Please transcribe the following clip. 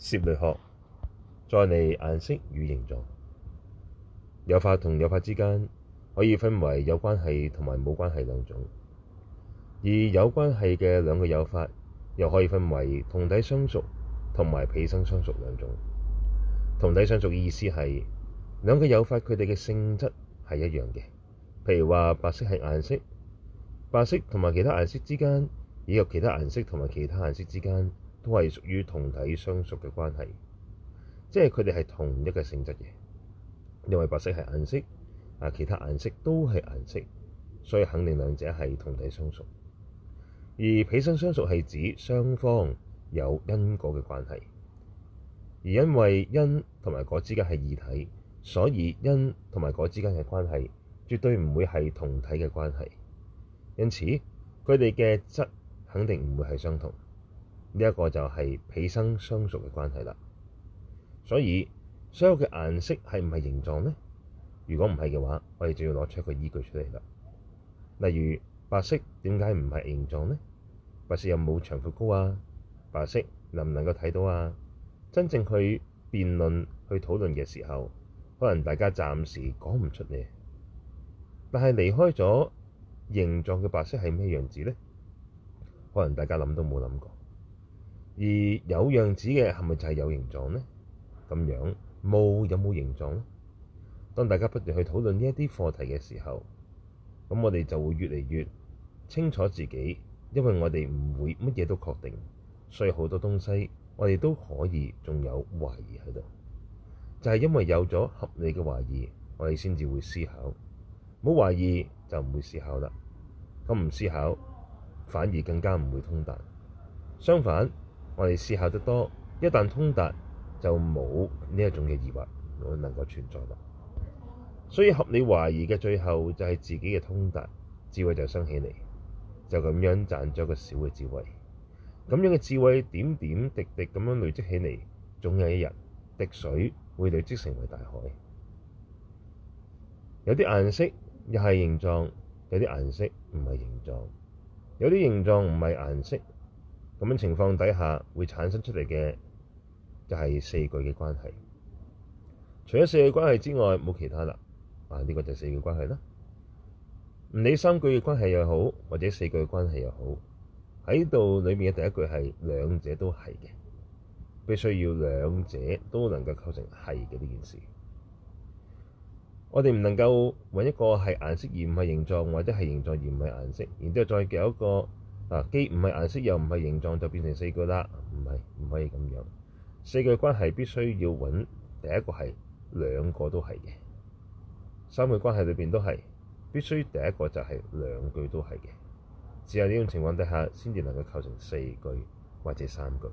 涉攝學，再嚟顏色與形狀，有法同有法之間可以分為有關係同埋冇關係兩種。而有關係嘅兩個有法又可以分為同體相屬同埋彼生相屬兩種。同體相屬嘅意思係兩個有法佢哋嘅性質係一樣嘅，譬如話白色係顏色，白色同埋其他顏色之間，以及其他顏色同埋其他顏色之間。因為屬於同體相屬嘅關係，即係佢哋係同一個性質嘅。因為白色係顏色，啊，其他顏色都係顏色，所以肯定兩者係同體相屬。而彼生相屬係指雙方有因果嘅關係，而因為因同埋果之間係異體，所以因同埋果之間嘅關係絕對唔會係同體嘅關係，因此佢哋嘅質肯定唔會係相同。呢一個就係彼生相屬嘅關係啦，所以所有嘅顏色係唔係形狀呢？如果唔係嘅話，我哋就要攞出一個依據出嚟啦。例如白色點解唔係形狀呢？白色有冇長闊高啊？白色能唔能夠睇到啊？真正去辯論去討論嘅時候，可能大家暫時講唔出嘅。但係離開咗形狀嘅白色係咩樣子呢？可能大家諗都冇諗過。而有樣子嘅係咪就係有形狀呢？咁樣冇有冇形狀呢？當大家不斷去討論呢一啲課題嘅時候，咁我哋就會越嚟越清楚自己，因為我哋唔會乜嘢都確定，所以好多東西我哋都可以仲有懷疑喺度。就係因為有咗合理嘅懷疑，我哋先至會思考。冇懷疑就唔會思考啦。咁唔思考反而更加唔會通達，相反。我哋思考得多，一旦通達，就冇呢一種嘅疑惑會能夠存在喇。所以合理懷疑嘅最後就係自己嘅通達，智慧就升起嚟，就咁樣賺咗一個小嘅智慧。咁樣嘅智慧點點滴滴咁樣累積起嚟，總有一日滴水會累積成為大海。有啲顏色又係形狀，有啲顏色唔係形狀，有啲形狀唔係顏色。咁樣情況底下會產生出嚟嘅就係四句嘅關係。除咗四句關係之外，冇其他啦。啊，呢、這個就係四句關係啦。唔理三句嘅關係又好，或者四句嘅關係又好，喺度裏面嘅第一句係兩者都係嘅，必須要兩者都能夠構成係嘅呢件事。我哋唔能夠揾一個係顏色而唔係形狀，或者係形狀而唔係顏色，然之後再夾一個。既唔係顏色又唔係形狀，就變成四句啦。唔係，唔可以咁樣。四句關係必須要揾第一個係兩個都係嘅，三句關係裏邊都係必須第一個就係兩句都係嘅，只有呢種情況底下先至能夠構成四句或者三句。